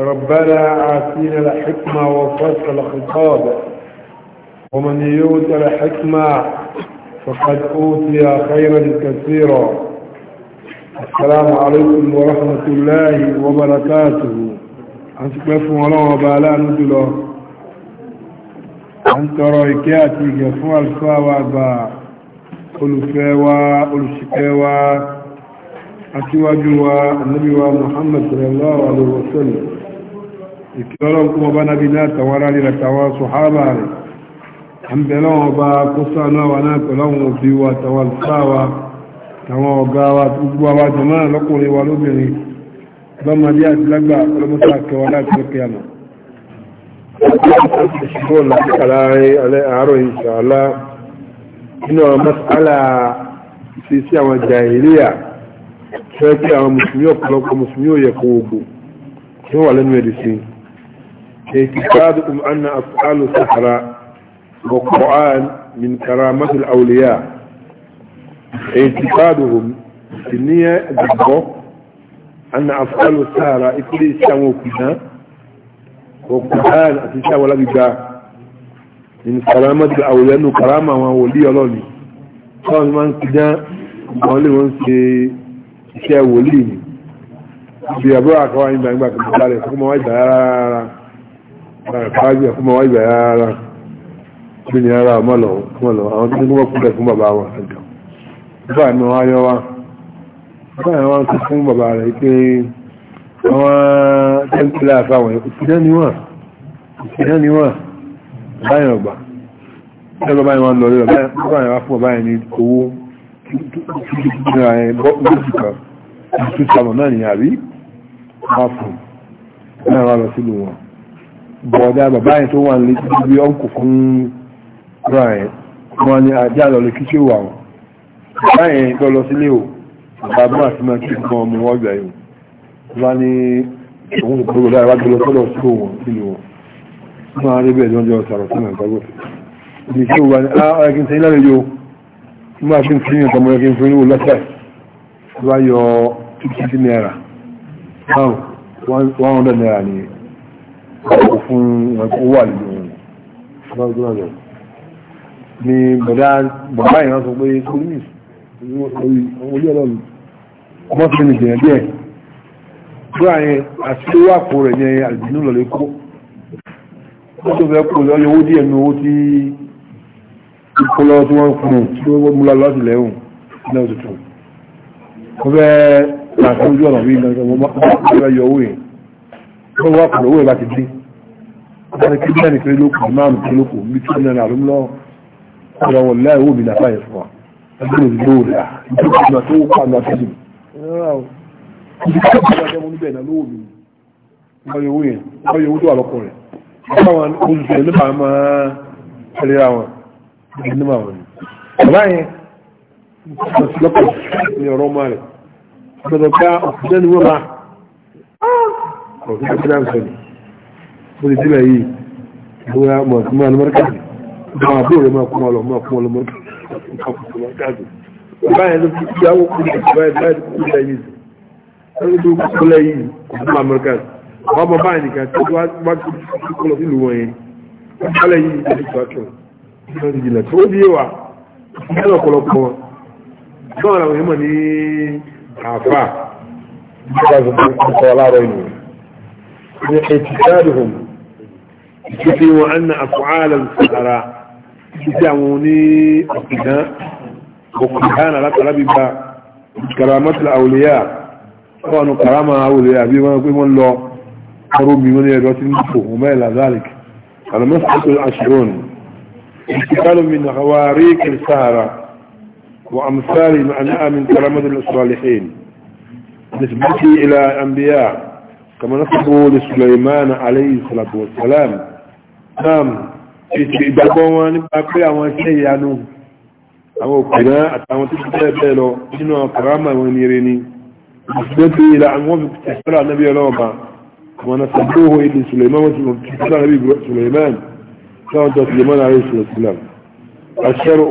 ربنا آتنا الحكمة وفصل الخطاب ومن يؤت الحكمة فقد أوتي خيرا كثيرا السلام عليكم ورحمة الله وبركاته أنت كيف ولو وبالا نجلو أنت رأيكاتي كفو الفاوى با olùfẹ́wà olùsìkẹ́wà àtiwájú wa النبي محمد صلى الله عليه وسلم ìkìlọ́lọ́ kó ọba nábi látàwọn ará rí látàwọn sọ̀hábà rẹ̀ àmbẹ̀lọ́wọ̀n ọba kó sánú àwọn náà pẹ̀lọ́wọ̀n òbí wa tàwọn sáwà tàwọn ọ̀gá wa gbogbo àwọn jọmọ́ lọ́kùnrin wa lóbìnrin lọ́mọdé àti lágbà ọlọ́mọdé àkẹwà láti lọ́kẹ́ àmà nínú masala sí sí àwọn jahiliya fẹ́ kí àwọn musulmi ọ̀pọ̀lọpọ̀ tí wà lẹ́nu ẹ̀dì sí اعتقادكم أن أفعال السحرة والقرآن من كرامة الأولياء اعتقادهم النية بالضبط أن أفعال السحرة إكل سموكنا والقرآن أتشاء ولا بجاء من كرامة الأولياء وكرامة وولي الله قال من كنا wọ́n lè wọ́n ṣe iṣẹ́ wòlíì ni bí àbúrò àkọwà ìgbàgbà kìí káàkiri àkúmọ̀ wáyé bẹ̀rẹ̀ ara bí ní ara ọmọlọ̀ ọmọlọ̀ àwọn tí wọ́n kúlẹ̀ fún bàbá wọn àjọ bàbá mi wọ́n ayọ́ wa bàbá mi wọ́n ti fún bàbá rẹ̀ pé àwọn tẹ́ńtìlá àfáwọn ìṣẹ́ ni wọ́n ìṣẹ́ ni wọ́n bàbá yẹn ọgbà ẹ bàbá yẹn wọn lọ rí bàbá yẹn ní wọ́n fún náà bọ̀ọ̀dá bàbá yẹn tó wà ní ibi ọkù fún ryan wọn ni àjá lọlọ kí ṣe wà wọn bàbá yẹn tó lọ sílé o bàbá mú àti máa kí gan ọmọ wọn gbà yìí wọn ni òun kò gbogbo dára wájú lọ sọ́dọ̀ sí òun sílé wọn wọn á rí bẹ́ẹ̀ lọ́jọ́ sàrọ̀ sí nàìjíríà gbọ́dọ̀ ibi tí naira nìyẹn ọkọ̀ fún ọkọ̀ wà lórí ni bọ̀dá ìran sọ pé police orí ọlọ́run ọmọ sí ní ìjìyàn díẹ̀ tó àyẹn àti tó wà kó rẹ̀ ní àlùbínú lọ́lẹ́ kó ó tó fẹ́ kó lọ́yọ́ owó díẹ̀ ní owó tí ìkọlọ́ tí wọ́n fún un tí wọ́n mú láti lẹ́hùn náà tuntun ó fẹ́ làkúnjú ọ̀nà bí gan-an wọ́n wá pẹ̀lú owó láti dé wọ́n kí náà nìkan lókù ìmáàmù tó lókù bí tí wọ́n náà lọ́mọ́ ọ̀rọ̀ wọn láì wò mí nàfà yẹn fún wa ẹgbẹ́ òsì lówó rẹ̀ ìjọba ìgbà tó wọ́pọ̀ àgbà tó dùn. ìjọba ìjọba níbẹ̀ náà lówó mi wọ́n yọ owó yẹn wọ́n yọ owó tó wà lọ́kọ̀ rẹ̀ báwọn oṣù tẹ̀lé máa máa tẹ̀lé àwọn ìdílé máa wọ̀ ni. bàbá yẹn lọ́kọ̀ ní ọ̀rọ̀ ọmọ rẹ̀ ọ̀sán tí wọ́n sọ̀rọ̀ bó ti dílé yìí bóyá mọ̀ sí máa lọ́mọ́rọ́ káàdì máa àbúrò rẹ̀ máa kún ọ lọ máa kún ọ lọ́mọ́rọ́ káàdì báyìí ló fi kí àwọn kúrò báyìí báyìí kúrò lẹ́yìn ẹni tó kúrò lẹ́yìn kò sí máa lọ́mọ́rọ́ káàdì àwọn ọmọ báyìí nìkan tó wá kúrò lọ sílùú wọn yẹn kálẹ̀ yìí ọ̀pọ̀lọpọ̀ wọn باعتقادهم يستطيع أن أفعال السحراء يسعوني أقناء وقرآن لطلب كرامة الأولياء وأن كرامة أولياء بما يقول الله قرب من يدوات المفهوم وما إلى ذلك على مسألة العشرون انتقال من غواريك السهرة وأمثال معناها من كرامة الصالحين نسبتي إلى أنبياء كما نسبه لسليمان عليه الصلاة والسلام نعم ìgbàgbọ́ nípa pé àwọn iṣẹ́ ìyanu àwọn òkèrè àtàwọn tó ṣe bẹ́ẹ̀ lọ nínú àkàrámà wọn ni rẹ̀ ni ìṣẹ́bí ìlà àwọn ìṣẹ́lá anábí ọlọ́ọ̀bá wọn na sàbóhó ilé suleiman wọn ti sọ́lá anábí suleiman sáwọn tó suleiman àrẹ suleiman àṣẹrù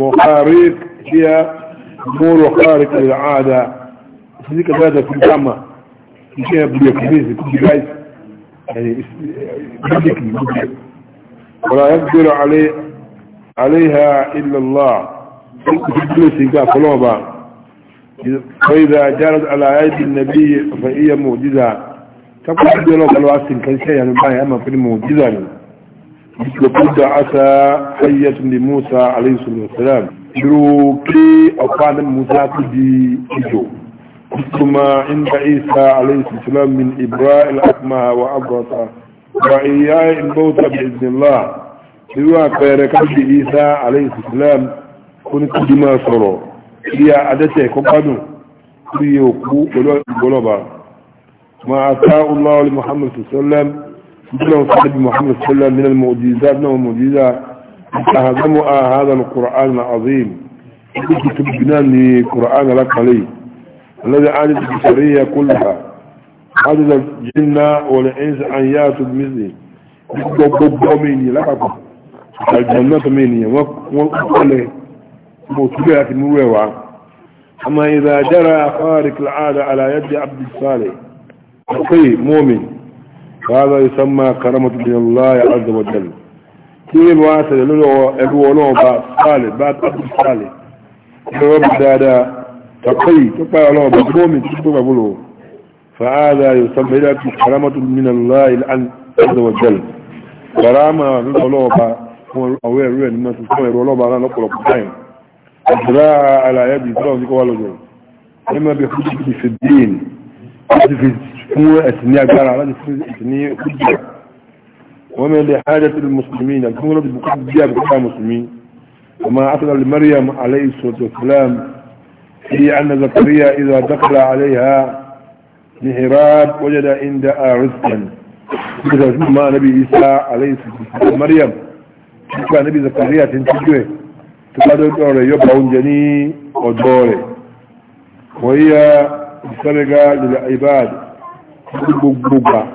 mọ̀kárí tí a mọ́rọ̀ kárí kàrí àádá sí kàtàkì kàmà iṣẹ́ ẹ̀bùrẹ̀ kìíyèsí kú bíláì bíbíkì lókè wọ́n yẹ́ gbèrò àléhà ìlàlá ìkùsù kìíyèsí gbà fọlọ́ọ̀bà fọ́ìdà járàt aláyájì nàbí fa'íyà mọ̀jíza takwà gbèrò kalwa sin kan ṣe yanu báyìí ama fi mọ̀jíza ne lọ́kùn da asa fayyatun di musa alayhi sallam biro kí ọ̀pá na musa kú di ijo ما عند عيسى عليه السلام من إبراء الأكمه وأبرطه وإياه الموت بإذن الله سوى كيركب عيسى عليه السلام كنت بما صروا هي عدته كبانو ليوكو بلوبا ما أتاء الله لمحمد صلى الله عليه وسلم مثل صاحب محمد صلى الله عليه وسلم من المعجزات نوع المعجزة تهزمها هذا القرآن العظيم كنت تبقنا لقرآن لك عليه الذي عادت البشرية كلها عدد الجنة والإنس أن يأتوا بمثله gbogbo mini lápapọ̀ àjọ̀nà tó mini wọ́n kọ́lẹ̀ mo túbẹ̀ àti múrú ẹ̀wà àmà ìdájára àfáàrí kìláàdà àlàyédè abdulsaleh akwai momin kọ́lá ìsọ́mà karamatu binyalláyà azawajal kí ní wá sẹ̀lẹ̀ lọ́wọ́ ẹgbẹ́ ọlọ́wọ́ bá saleh bá abdulsaleh ẹgbẹ́ dáadáa تقي تقبل الله مظلوم تقبله فهذا يسمى لك كرامة من الله عز وجل كرامة من الله أوير وين الناس يسمى الله بعد أن أقول قائم أجراء على يدي ترى ذيك والله إما بحجة في الدين في سمو أثنياء قال على أثنياء حجة ومن لحاجة المسلمين الجمهور بقدر بقدر المسلمين وما أصل لمريم عليه الصلاة والسلام هي أن زكريا إذا دخل عليها مهراب وجد عندها رزقا ما نبي عيسى عليه والسلام مريم كان نبي زكريا تنتجوه تقدر دور يبقى جني ودوري وهي سرقة للعباد بقبقة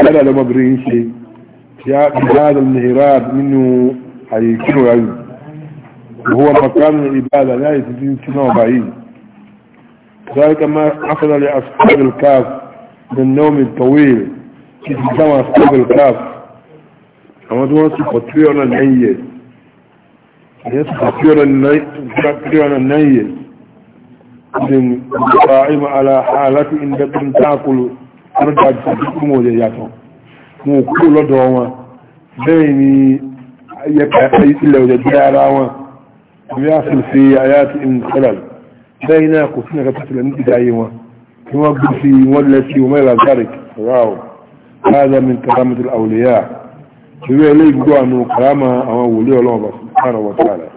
جلع لما برينشي يا هذا المهراب منه حيكون وهو مكان العبادة لا يتجين سنة وبعيد ذلك ما حصل لأصحاب الكاف من النوم الطويل كما أصحاب الكاف أما دون سقطيون النية يسقطيون النية إذن قائمة على حالة إن دكتم تأكل أرجع جسدكم وجياتهم mo kúrò lọ́dọ̀ wọn bẹ́ẹ̀ ni ilẹ̀ òjò jẹ́ ara wọn bí a sì fi àyàtì ìmùsẹ́lẹ̀ lẹ́yìn náà kò sínú ẹ̀kọ́ tẹ̀lé níbi ayé wọn tí wọ́n gbé sí wọ́n lẹ́ sí ọmọ ìlà zarek rao láàdá mi kàrámà tó àwòlẹ́yà ìwé ilé ìgbó àánú kàrámà àwọn wòlé ọlọ́run bá fún kàrà wọ́n tààrà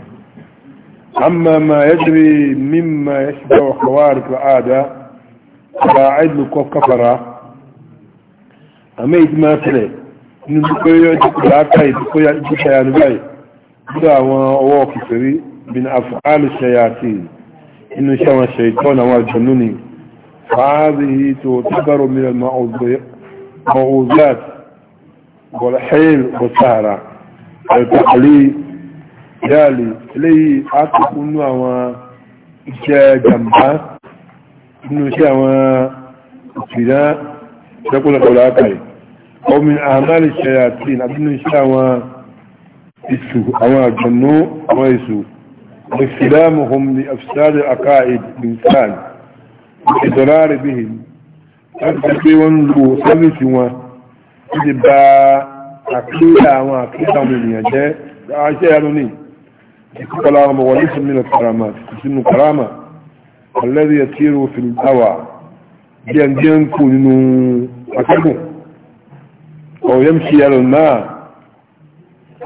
amma ma yajri mimma yashba wa khawarik al'ada ba aidlu ko kafara amma idma tele ni ko yo ti ko aka yi ko ya ti إنه شوى الشيطان والجنوني فهذه تعتبر من المعوذات والحيل والسهرة التقليد yáàlì eléyìí a ti kún ní àwọn iṣẹ́ jàmbá nínú iṣẹ́ àwọn ìpìdá ṣẹ́kùnlẹ̀kọ̀lá àkàrí omi àmàlì ṣẹ́yà tí nínú iṣẹ́ àwọn ìṣù àwọn àjọ̀nú àwọn ìṣù واستلامهم لأفساد العقائد الإنسان وإضرار بهم أكثر وانلو سمس وإذباء عقيدة وعقيدة من يجاء عشاء يلوني يقول الله وليس من الكرامات اسم كرامة الذي يسير في الهوى بأن ينكون أكبر أو يمشي على الماء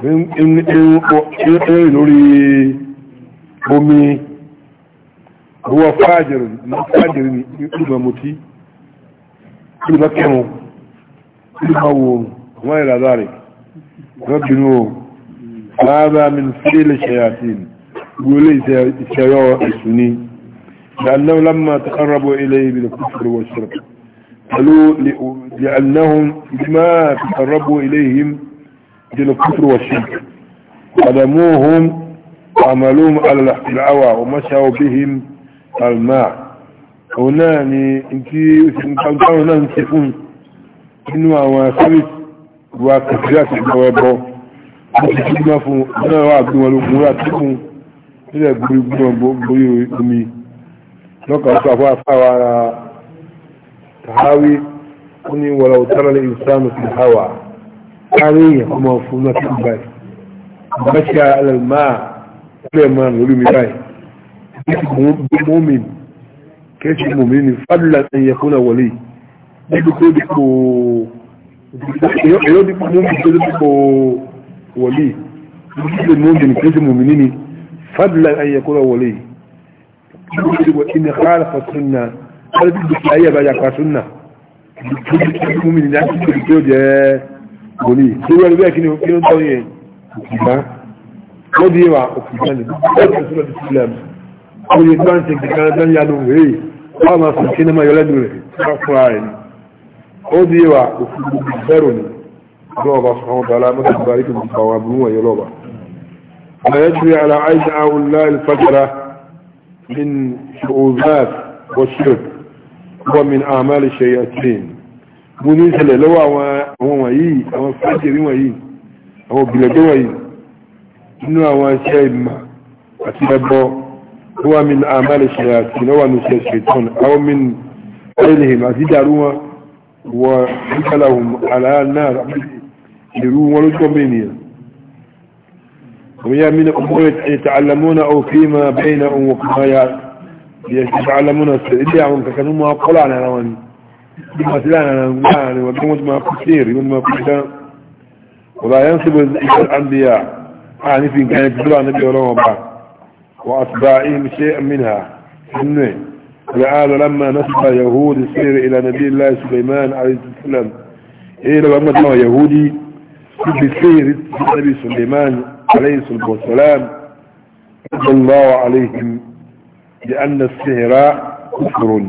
إن إن إن إن omi huwa fajir na fajir ni ìgbà mutí ìgbà kẹrù ìgbà wòrùn wọ́n ìrà zárẹ̀ rọ́bìnú o láàbá min fílẹ̀ ṣayatín gbólé ìṣẹ́yọ́ ìsù ni لأنه لما تقربوا إليه بالكفر والشرك قالوا لأنهم بما تقربوا إليهم بالكفر والشرك قدموهم عملوهم على العوى ومشوا بهم الماء هنا انتي كانوا ننسفون انه هو ثابت وكثيرات الجوابه ما فو انا وعد والامورات تكون الى بوي امي لقد صفى فوا تهاوي اني ولو ترى الانسان في الهوى كان يهم مفهوم في البيت مشى على الماء bẹ́ẹ̀ máa lórí mi báyìí mọ́mìn kẹ́sì mọ́mìn ni fadúlà ẹ̀yẹ fún àwọlé dídú tó dípò èyọ́ dípò mọ́mìn tó dípò wọlé dídú mọ́mìn kẹ́sì mọ́mìn ni fadúlà ẹ̀yẹ fún àwọlé dídú tó dípò ìní xaala fasunna wọ́n ti dùkú ayé àbájá fasunna dídú tó dípò mọ́mìn ni láti tó dípò jẹ́ wọlé tó wọlé bẹ́ẹ̀ kí ni ó tọ́ yẹn ìgbà wọ́n di wa òkùnkùn ní ọjọ́ ìṣúra ti sílẹ̀ mi àwọn yìí bá ń ṣe kíkan ẹgbẹ́ ní adùn rèé wọ́n máa sùn kí ní máa yọlẹ́dùn rẹ̀ wọ́n fún ara rẹ̀ ni ó di wa òkùnkùn bẹ̀rù ni ọjọ́ ọba sọ àwọn tààlà mẹ́ta ìgbà yìí tó bá wa bí wọ́n yọ lọ́ba. ما يجري على عين هؤلاء الفجرة من شعوذات والشرك ومن أعمال الشياطين mo ní ìṣẹ̀lẹ̀ lọ́wọ́ àwọn wọ̀nyí àwọn fẹ́jẹ̀rí wọ̀nyí àwọn òbílẹ̀dẹ́ wọ̀nyí inú àwọn iṣẹ́ ìmọ̀ àti ẹbọ wà mí àmàlẹ̀ ṣe àti ìnáwà ní ṣe ṣètọ́n àwọn mínú ẹlẹ́hìn àti ìdàrú wọn wọ nígbàlá ohun àlàáná ìrú wọn lójú ọmọ ènìyàn ويا من أمور يتعلمون أو فيما بينهم وما يتعلمون السعيدية عن كانوا ما قلعنا لهم بما سلانا لهم وبما ما كثير وما كثير ولا ينصب الأنبياء عن في كانت بلا نبي ولا وبا وأتباعهم شيئا منها إنه لعال لما نسب يهود سير إلى نبي الله سليمان عليه السلام إلى لما جاء يهودي سير نبي سليمان عليه الصلاة والسلام رضى الله عليهم لأن السهراء كفر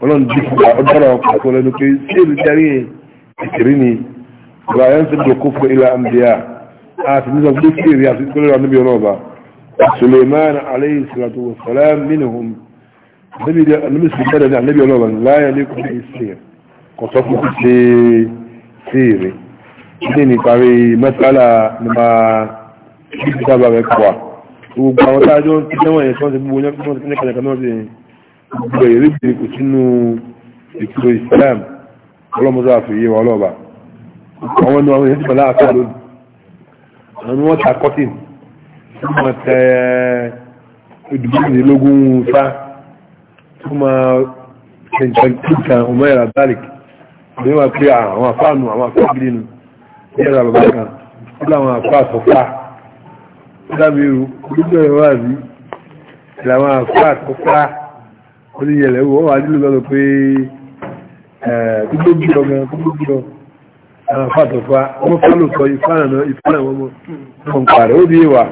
ولن جفت أدرى وقفت ولن كي سير جريه ذكرني ولا ينسب الكفر إلى أنبياء آتمزا بكير يعطيك كل النبي ونوبة سليمان عليه الصلاة والسلام منهم النبي المسلم كان النبي ونوبة لا يليق به السير قصفه في سيري ní parí mẹ́tàlá nípa ìgbàgbà rẹ̀ kọwà gbogbo àwọn tájọ́ ti jẹ́wọ̀n yẹn tí wọ́n ti gbogbo yẹn tí wọ́n ti náà sí gbogbo èrè ìgbèrè kò sínú ìkúrò Islam ọlọ́mọdé àfihàn ọlọ́ọ̀bà àwọn ẹni wọn yẹn ti pẹ̀lú àfẹ́ lónìí àwọn wọn ta cotton tó máa tẹ eh, ìdúgbòmìnirlógún fa tó máa tẹ̀sán kíkan ọmọ ìrà dalek ní wọ́n pé àwọn afáànù àwọn afáàgbé nu ní ẹ̀rọ bàbá kan ó láwọn afáà sọ fà ó dábì irú gbogbo ẹ̀rọ wà ní ìlàwọn afáà sọ fà ó ní yẹlẹ̀ wọ́n wà nílùú lọ́dọ̀ pé gbogbo gbogbo ọ̀gá gbogbo gbogbo àwọn fàtọ̀fà wọ́n fàlùkọ́ ìfàànà ìfàànà wọn mọ́ pàrẹ̀ ó bí wà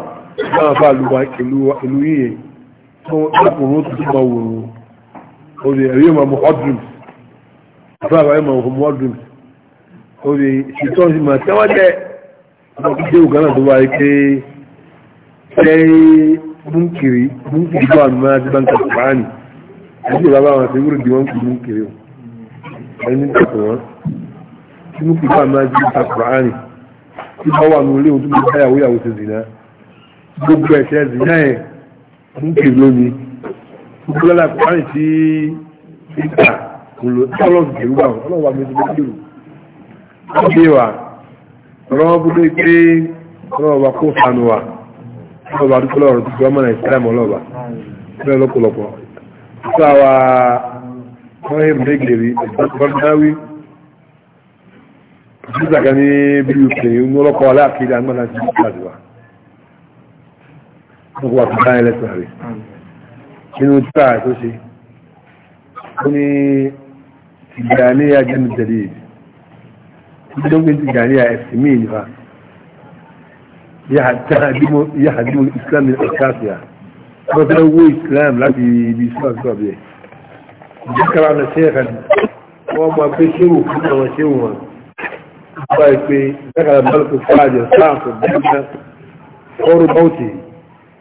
láwọn fàlùwà ìlú yìí lọ́pùrún tó túnmọ̀ wòrò ó rí ẹ̀rí ọmọ mọ́dún fàbà ẹ̀mọ̀ mọ́dún ó rí ìṣìtọ́ sí máa tẹ́wọ́jẹ́ ọmọkúndé ògánà tó wáyé pé ṣe múnkiri múnkiri tó àmì máa ti bá ń kàtà pàánì àti ìbábá wọn àti ìwúrò bí wọn kì múnkiri ẹni tẹ̀kọ̀ wọn tí mo fi bá máa di ìta kùránì tí bá wà lórí ohun tó bí báyàwó ìyàwó ti zìnà gbogbo ẹ̀ṣẹ̀ zìnà ẹ̀ ń kè lómi gbogbo lọ́la kùránì tí ìta kò lò tí ọlọ́run kèrú bá wọn ọlọ́run wà mí ti bá kèrú. wọ́n bí wa ọ̀rọ̀ bó dé pé ọlọ́run wa kó sànù wa ọlọ́run wa dúpọ́ lọ́rùn tó fi ọmọ nàìjíríà mọ́ ọlọ́ba bẹ́ẹ̀ lọ́pọ̀lọpọ̀. Sáwa wọ́n yẹ mẹ́gẹ̀rì ìgbàgbọ́dáwí jíza kan ní bí o pè ní ọlọ́kọ̀ aláàkiri agbára ti gbàdú wa wọ́n kó wa fi báyìí lẹ́sìn rẹ̀ nínú tíra tó ṣe ó ní tìgbàníyà jẹ́nu tẹ̀lé ìdógbé tìgbàníyà ẹ̀sìn míì nípa yàhàdìmọ̀ islam ní ọ̀káàfíà wọ́n fẹ́ wó islam láti ibi islam sọ̀bẹ̀ ìjọkàrà ọ̀nà ṣẹ́ẹ̀kan wọ́n máa pé ṣéwù fún àwọn bá yìí pé dákàlà mọ́lùkù fúláàjẹ sáàfù dáadáa ọrùn bọ́ọ̀tì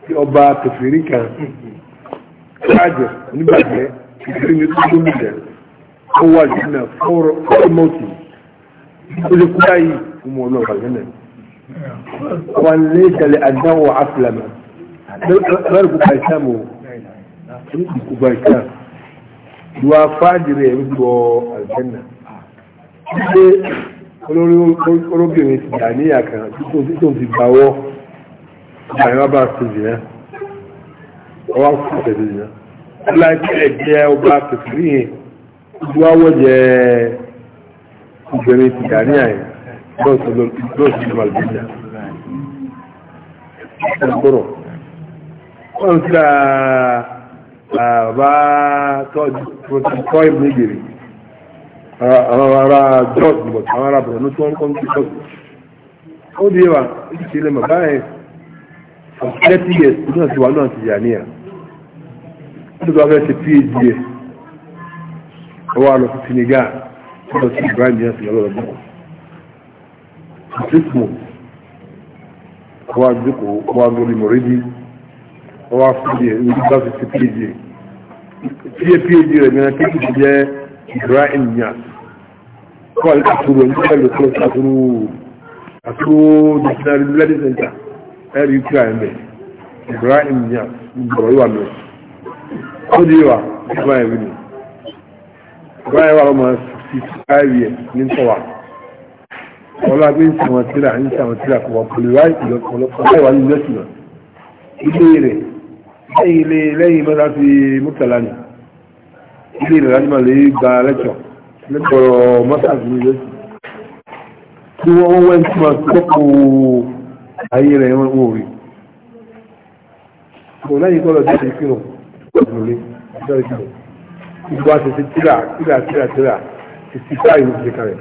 tí ọba kẹfìrí kan fúláàjẹ oníbàjẹ́ kẹfìrí ní tó lómi jẹ ó wà jù náà fọ́ọ̀rọ̀ bọ́ọ̀tì ó lè kúrá yìí fún wọn náà wà lẹ́nà wọn lè olóbìnrin ti dà ní àkàrà títò títò ti gbàwọ́ àyàwó bá ti jìnà ọwọ́ kò tẹ̀lé jìnà láìpẹ́ ẹgbẹ́ ọba kẹfìrí yẹn ojú awọ́ jẹ obìnrin ti dà ní àyà lọ́sọ̀ lọ́sọ̀ lọ́sọ̀ àlùbíjà ẹgbọ́rọ̀ wọ́n ti ra bàbá tọ́jú tó ti kọ́ ìmú ìgbèrè Ara ará jọ́s níbọ̀ àwọn ará no tí wọ́n kọ́ ní jọ́s ó di wa ìdí ṣe lè mọ̀ báyẹn for thirty years ìdí náà ti wà náà ti yà níyà ó ti gba fẹ́ ṣe phd ẹ̀ ó wà lọ sí Senegal ó lọ sí Ibrahim yẹn sì lọ́wọ́ lọ́wọ́ for six months ó wà dúkò ó wà lórí mọ̀rẹ́dì o wà fúdi ẹ̀ ó ti gba fẹ́ ṣe phd ẹ̀ phd rẹ̀ gbẹ́nà kéèkì ti jẹ́ Ibrahim Niass kọ́ ní kàtúrò ní pẹ̀lú kọ́ kàtúrò kàtúrò national bloody center ẹ̀rí kí àyẹ̀ mẹ́ Ibrahim Niass gbọ̀rọ̀ yóò wà mẹ́ ó di wa Ibrahim ni Ibrahim wà lọ́mọ sixty five years ní tọ́wà ọlọ́ agbé ń sàwọn tíra ń sàwọn tíra kọ̀ wọ́n pẹ̀lú wáyé ìlọ́kọ̀ọ́lọ́kọ̀ láì wà ní ilé ìsìn náà ilé ìrìn àjùmọ̀ lè gba lẹ́tọ̀ lẹ́tọ̀rọ̀ mọ́sáàsì ní lẹ́sì tí wọ́n wọ́n tí wọ́n tọ́pọ̀ ayé rẹ̀ wọ́n wò rí kò lẹ́yìn kọ́ lọ jáde kírun lórí jáde kírun gbogbo àtẹ̀tẹ̀ tíra tíra tíra tíra ti ti ká ìlú ti kalẹ̀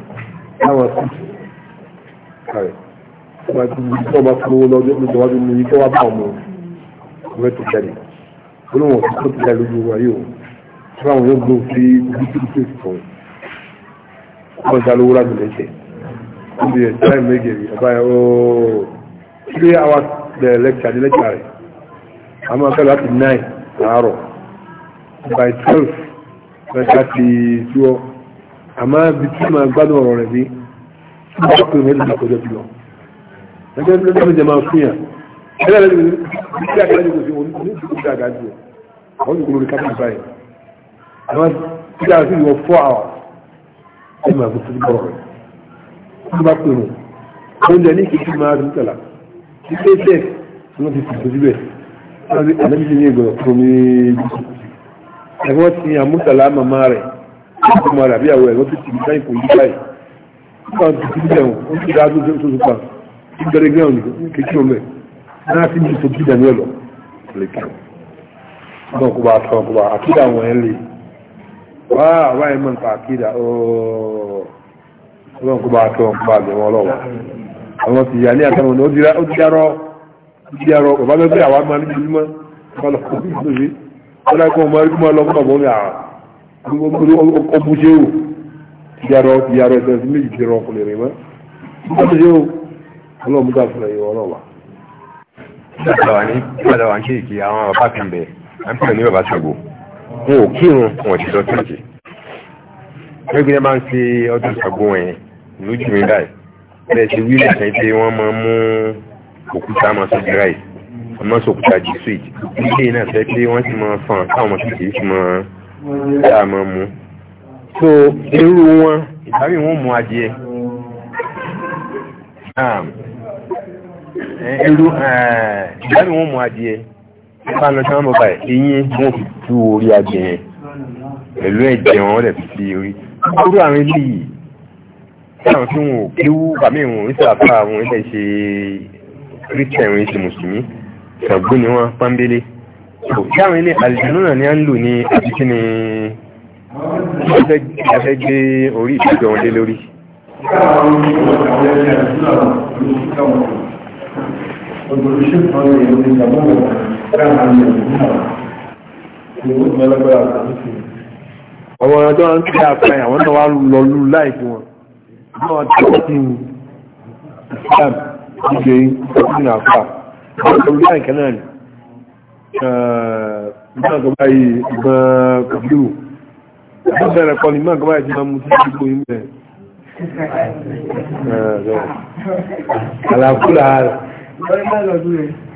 láwọn sí kalẹ̀ wọ́n ti wí kí wọ́n bá fún owó lọ́jọ́ lọ́jọ́ wájú ní kí wọ́n bá ọmọ rẹ̀ tó jáde olóhùn ọ̀sán tó ti jáde lójú wa yìí tíráwọn yóò gbó sí bíbélì fún ọmọ ìdálówó láti lẹ́sẹ̀ níbi ẹ̀ tíráì méje rí ọba ẹ̀ ooo three hours the lecture ní lecture rẹ̀ àmọ́ akẹ́lẹ́ láti nine àárọ̀ by twelve lẹ́ka ti tú ọ àmọ́ bí tí màá gbádùn ọ̀rọ̀ rẹ̀ bí tí màá kọ́ ìwé nígbà kọjá jùlọ ẹgbẹ́ ní ọjọ́ ìjẹ̀mà fún yà ẹgbẹ́ ní ọjọ́ ìjẹ̀mà fún yà ẹgbẹ́ ní ọjọ́ ìjẹ̀mà fún yà àwọn títí àwọn sílùú four hours ẹ máa fi fi bọ̀rọ̀ rẹ̀ wọ́n bá pè wọ́n oúnjẹ ní kìí fi máa dùn tẹ̀lá ilé iṣẹ́ wọ́n ti fi dojú bẹ̀ wọ́n ti àlẹ́ bíi ní ìgbọ̀rọ̀ fún mi ẹ̀wọ́n ti àmúṣàlá màmá rẹ̀ ọmọ rẹ̀ àbí àwọ̀ ẹ̀wọ́n ti tìbí báyìí kò yí báyìí wọ́n ti fi bẹ̀ wọ́n wọ́n ti dá dúró tó sùpà ní bẹ̀rẹ̀ gíráùn kékeré ọmọ ẹ̀ náà ti bí ìtòjú dànù ẹ̀ wa ah, wa yi man akida ooo oh. ọlọ́run kó bá a tọ́ ọ̀pá àgbẹ̀wọ̀n ọlọ́wọ́ àwọn ti yà ní àtàwọn ní ó dìyàrọ̀ dìyàrọ̀ bàbá bẹ́ẹ̀ bí àwa máa ní ìlú mọ́ ọlọ́kọ̀ bí ó ṣe ọlọ́kọ̀ ọmọ ẹgbẹ́ máa lọ́kọ̀ ọmọ ní àwọn ọmọ ṣe ó dìyàrọ̀ dìyàrọ̀ ẹ̀sẹ̀ sí méjì dìyàrọ̀ ọkùnrin rẹ̀ mọ́ ọmọ ṣe wọn ò kírun wọn ti lọ sókè lẹ́gbẹ̀ẹ́ máa ń ṣe ọdún ìṣàgbọ́n ẹ̀ lójú mi báyìí bẹ́ẹ̀ ṣe wílẹ̀ kan pé wọ́n máa mú òkúta máa sọ jìrá yìí wọ́n máa sọ òkúta jù sweet ilé náà fẹ́ pé wọ́n sì máa fàn káwọn ọmọ kékeré sì máa dá a máa mú. so irú wọn ìbáwí wọn mú adìẹ irú eh, ìbáwí wọn mú adìẹ bá lọ sí ọmọ báyìí eyín wọn fi tú orí agbẹ̀yẹn pẹ̀lú ẹ̀jẹ̀ wọn rẹ̀ fi sí orí kúrò àwọn ilé yìí táwọn tí wọn ò kéwú àmì ìwọ̀n ń sàfà àwọn ilé ṣe kírísítẹ̀ ìwọ̀n ṣe mùsùlùmí ṣàgbó ni wọn pọ́nbélé táwọn ilé àlùjọ náà ni a ń lò ní àbíkí ni a fẹ́ gbé orí ìdájọ́ wọn lé lórí. Ọgbọ̀n ìṣèkọ̀ọ́ àwọn ọjọ́ ń tẹ́ àpáyà àwọn náà wá lọ lú láìsí wọn náà tí ó ti wù islam ìgbé ìpínlẹ̀ àpá ọjọ́ láìkẹ́ náà ni ìgbà àgbà yìí ìgbọ́n kàbírù ìgbà bẹ̀rẹ̀ yìí ti máa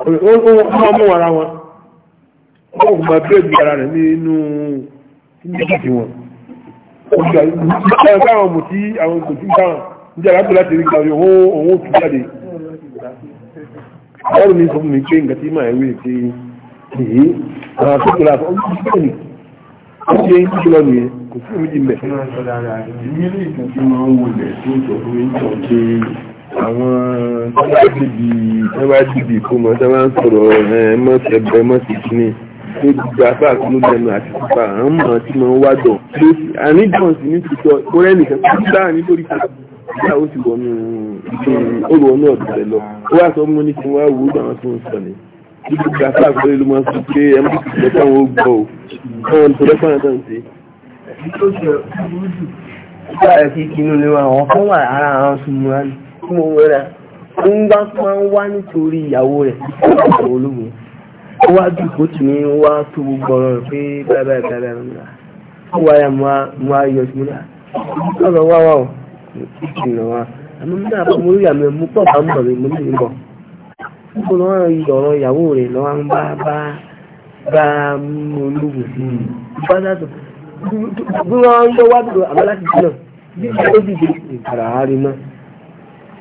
ọmọ mú ara wọn ọmọ ògùn máa bẹ́ẹ̀ bí ara rẹ̀ nínú ìgbìyànjú wọn ọjọ́ àwọn ọmọ tí àwọn kò tí káwọn níjà láti láti rí kàwé òun ó fi jáde ọrùn ní sọ fún mi pé nǹkan tí máa wé pé èyí àwọn àtúntò láti ọdún tó tó ní ó ṣe ń kí lọ nìyẹn kò sí omi jì mẹ́ àwọn tẹ́wàá dìbì ìkómọ tẹ́wàá ń sọ̀rọ̀ ẹ̀ẹ́mọ́sẹ̀bẹ̀ mọ́sìkíní tó gbogbo afá àkúlù lẹ́nu àti pípa àwọn mọ̀ tí mo ń wádọ̀ àníjọ́ sí ní títọ́ kórẹ́ nìkan tó bá ní lórí ìyá ó sì wọnú olùwọ́ náà bẹ̀rẹ̀ lọ ó wá sọ mú ní kí wọ́n wú àwọn tó ń sọ̀lẹ̀ tí gbogbo afá ló máa sọ pé ẹ mú ìpìlẹ̀ táwọn ó gbọ́ tó ṣe. ìgbà ẹ̀kí ni wọn àwọn fún wà ara àwọn sùnmù tí mo rà ń wá máa ń wá nítorí ìyàwó rẹ̀ ìyàwó olóhùn ó wá bí kò tì ní wá tó gbogbo ọ̀rọ̀ rẹ̀ pé báyìí báyìí báyìí báyìí ó wá ya mo á yọ sí mo náà ọ̀rọ̀ wá wà ó ìkìlọ̀ wa àmọ́ mi náà bá mo rí àmì mo pọ̀ bá ń bọ̀ mi mo ní ìbọ̀ níbo ni wọ́n yọ ọ̀rọ̀ ìyàwó rẹ̀ lọ́wọ́ ń bá bá bá mú olóhùn bá dàtọ̀ bí wọ́n yọ wá dùn àmọ́ láti dì náà bí ó dìde ìkàrà àárín náà.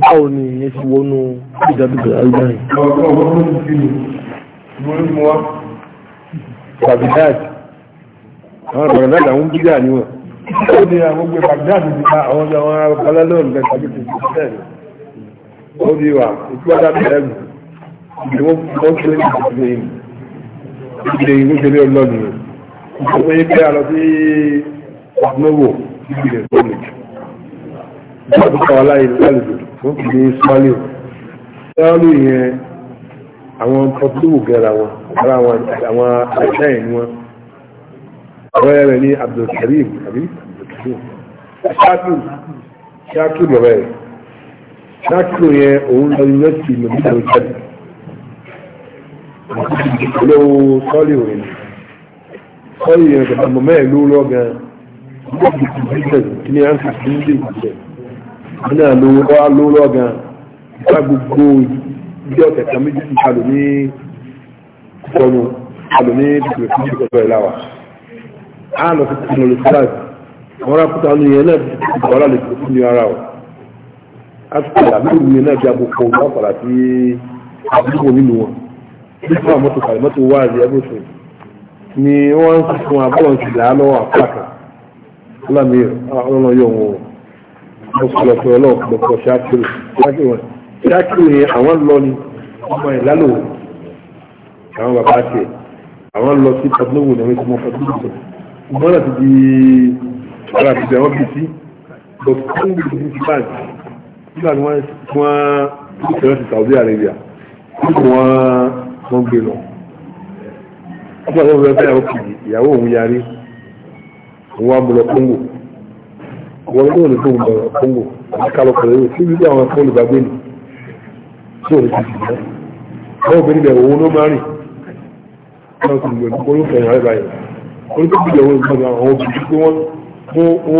báwo ni ìyẹn ti wọnú ìdádùgbò alibari. bagdad àwọn bagdad àwọn bídà ni wọn ó ní àwọn gbé bagdad ti ta àwọn ọjà wọn ará balálọ́ọ̀nù bẹ́ẹ̀ tàbí ti ti sẹ́ẹ̀ ó di wa ìtúwádà bẹ̀rẹ̀ mi ìdíwọ́ fún ọ́n tó ń gbé ìdílé ìlú tẹ̀lé ọlọ́ọ̀nù rẹ̀ ìjọba yẹn pé àlọ́ sí ọ̀dúnwó ìbílẹ̀ tó ìjọba tó kọ́ aláìlú lálejò wọ́n kì ní sọ́líù sọ́líù yẹn àwọn pọtulù gẹ̀rẹ̀ wọn ara wọn àwọn àṣẹyìn ni wọn ọ̀rẹ́ rẹ̀ ní abdulkarim àbí abdulkarim ṣáàkìlù ṣáàkìlù ọ̀rẹ́ rẹ̀ ṣáàkìlù yẹn òun lọ ní lọ́sì lòmìnira ìjẹ́lì olówó sọ́líù rẹ̀ ni yẹn kẹta náà ló wá ló lọ́gàn nípa gbogbo ilé ọ̀tẹ̀ kan méjì sí alò ní sọnù alò ní bìbìrì fún ìṣòkòtò ẹ̀ láwà á lọ sí ìṣòkòtò lè sílá àwọn arákùtà nù yẹn náà ti bọ̀ ọ́lá lè fún ní ara o á ti pàdà lóru yẹn náà bí agbóko náà padà sí àdúgbò nínú wọn nípa mọ́tò kàlí mọ́tò wáàzì ẹgbẹ́sìn ni wọ́n ń sọ fún abọ́ọ̀jù làálọ́ àpáàkà ọlọ́mọ yọ̀ wọn ọ̀pọ̀lọpọ̀ ọlọ́pọ̀lọpọ̀ ṣáàkiri ṣáàkiri àwọn lọ ni ọmọ ìlàlò àwọn bàbá ṣe àwọn lọ sí pàtàkì ní ọmọ ìkọmọ pàtàkì ìgbọ́n láti di ara àtijọ́ àwọn bìí sí dr ndidi bank nígbà tí wọ́n tí wọ́n tẹ̀lé ti Saudi Arabia nígbà wọ́n wọ́n gbé lọ wọ́n gbà wọ́n fẹ́ fẹ́ àwọn ìyàwó òun yarí òun wá mú lọ Congo wọ́n yóò lè tóun lọ kóńgò àkàlọ́kọ̀ lẹ́yìn tí wíwí àwọn akọ́lù bá gbé nì tí ò lè ti sì mọ́ àwọn obìnrin bẹ̀rẹ̀ owó ló máa rìn náà kò lè kó ló fẹ̀yìn rẹ̀ báyìí wọ́n tó bìlẹ̀ owó ìgbọ́n àwọn obìnrin pé wọ́n ó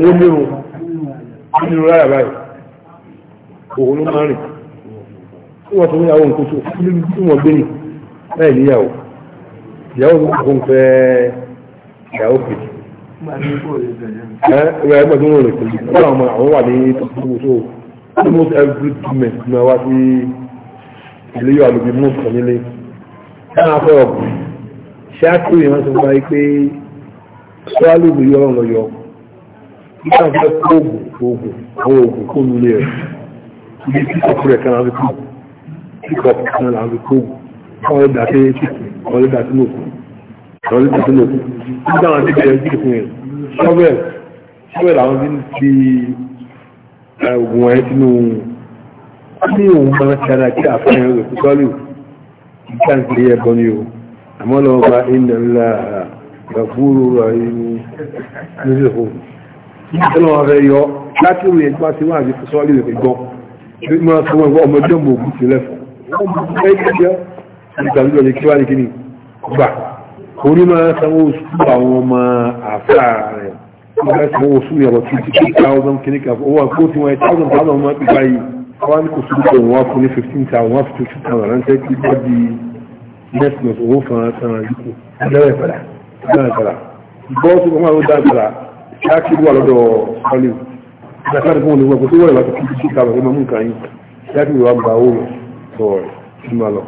nírun ó nírun láyà báyìí owó ló máa rìn tí wọ́n tó ní àwọn nǹkan tó tí wọ́n gbé nì láì níyàwó ìyàwó tó kún fẹ́ ìyàwó kejì ẹgbẹ́ ẹgbẹ́ tó ń rẹ̀ pẹ̀lú ọ̀rọ̀ àwọn àwọn wà ní tọ́kùnkùn so almost every government ma wá sí ilé yóò àlùbí most kan nílé ẹ̀rọ afẹ́ ọ̀gbìn ṣáàkì ìran sọ fún wa pé sọ́ọ́lù ìlú yọ̀rọ̀ lọ yọ nígbà fẹ́ kó oògùn oògùn kó nílé rẹ̀ ibi tí ọkùnrin kan láti kó oògùn tí ọkùnrin kan láti kó oògùn ọ̀rẹ́dà sí ẹ̀ṣin ọ̀rẹ́dà sí òkú àwọn ilé tuntun lò ní táwọn àti ìbẹ̀rẹ̀ sí ìfún yẹn ṣọ́bẹ̀ ṣọ́bẹ̀ làwọn ti ń fi oògùn ẹ̀ sínú ní òun máa ṣe ara kí àfihàn rẹ̀ kú sọ́lù ìgbà ìdílé ẹ̀bọ ni o àmọ́ lọ́wọ́ bá iná ńlá gbàgbúrò rà inú nílé òun nítorí wọn fẹ́ yọ láti rìn ẹgbẹ́ àti wọn àti kú sọ́lù rẹ̀ gbọ́ bí wọ́n sọ wọn gbọ́ ọmọdé ọmọ ògùn sílẹ̀ orí máa sanwó oṣù àwọn ọmọ àfáà rẹ̀ wọ́n fẹ́ sanwó oṣù yẹ̀wọ̀ twenty two thousand kìíní kan owó àpò tí wọ́n ẹ̀ thousand thousand wọ́n pè báyìí wọ́n ní kò sí ìgbà òun wá fún ní fifteen thousand wọ́n fi twenty two thousand ránṣẹ́ kí wọ́n di next month owó fún san yìí lẹ́wọ̀ ìpadà lẹ́wọ̀ ìpadà bọ́ọ̀sì ọmọ àwọn ọdún àgbàlá ṣáàkì wà lọ́dọ̀ sọ́lé ìgbàkan fún olùwọ́ kò tó wọ́n ìwàtí kí kí kààrọ̀ ọmọ nǹkan yìí ṣáàkì wà gbà owó sọ̀rọ̀ ìmọ̀lọ̀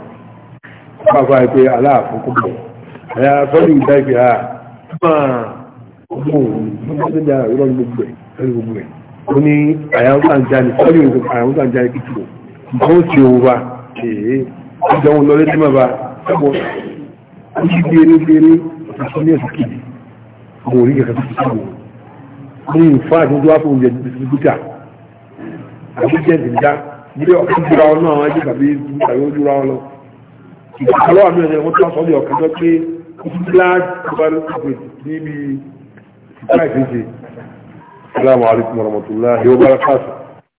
ẹ̀yà sọ́jú ìdá ìpè ha máa ọmọ òun ló dá ìrọ̀ gbogbo ẹ̀ lórí gbogbo ẹ̀ ó ní àyàwótàǹjáni sọ́jú àyàwótàǹjáni kìtìkò ìbọn ti òun wa èé ọjọ́ òun lọlé tí màbá ẹ̀bọ̀ ó sì gbére gbére ọ̀sán ní ẹ̀sùn kìdì mo rí kẹ̀kẹ́ tuntun sí òun ní ìfọ́ àti ojú àpò òun dìbìtà àbújẹ́ dìbìtà bí ọ̀kan jura ọ náà wọ́n á jẹ́ tàbí ojú ra ọ lọ ìgbà kan lọ́wọ́ àmì ọ̀sẹ̀ wọ́n tún sọ́ọ́ flag global coverage níbi ìpá ìfíṣe. Assalamu alaikum warahmatullahi wabarakatuh.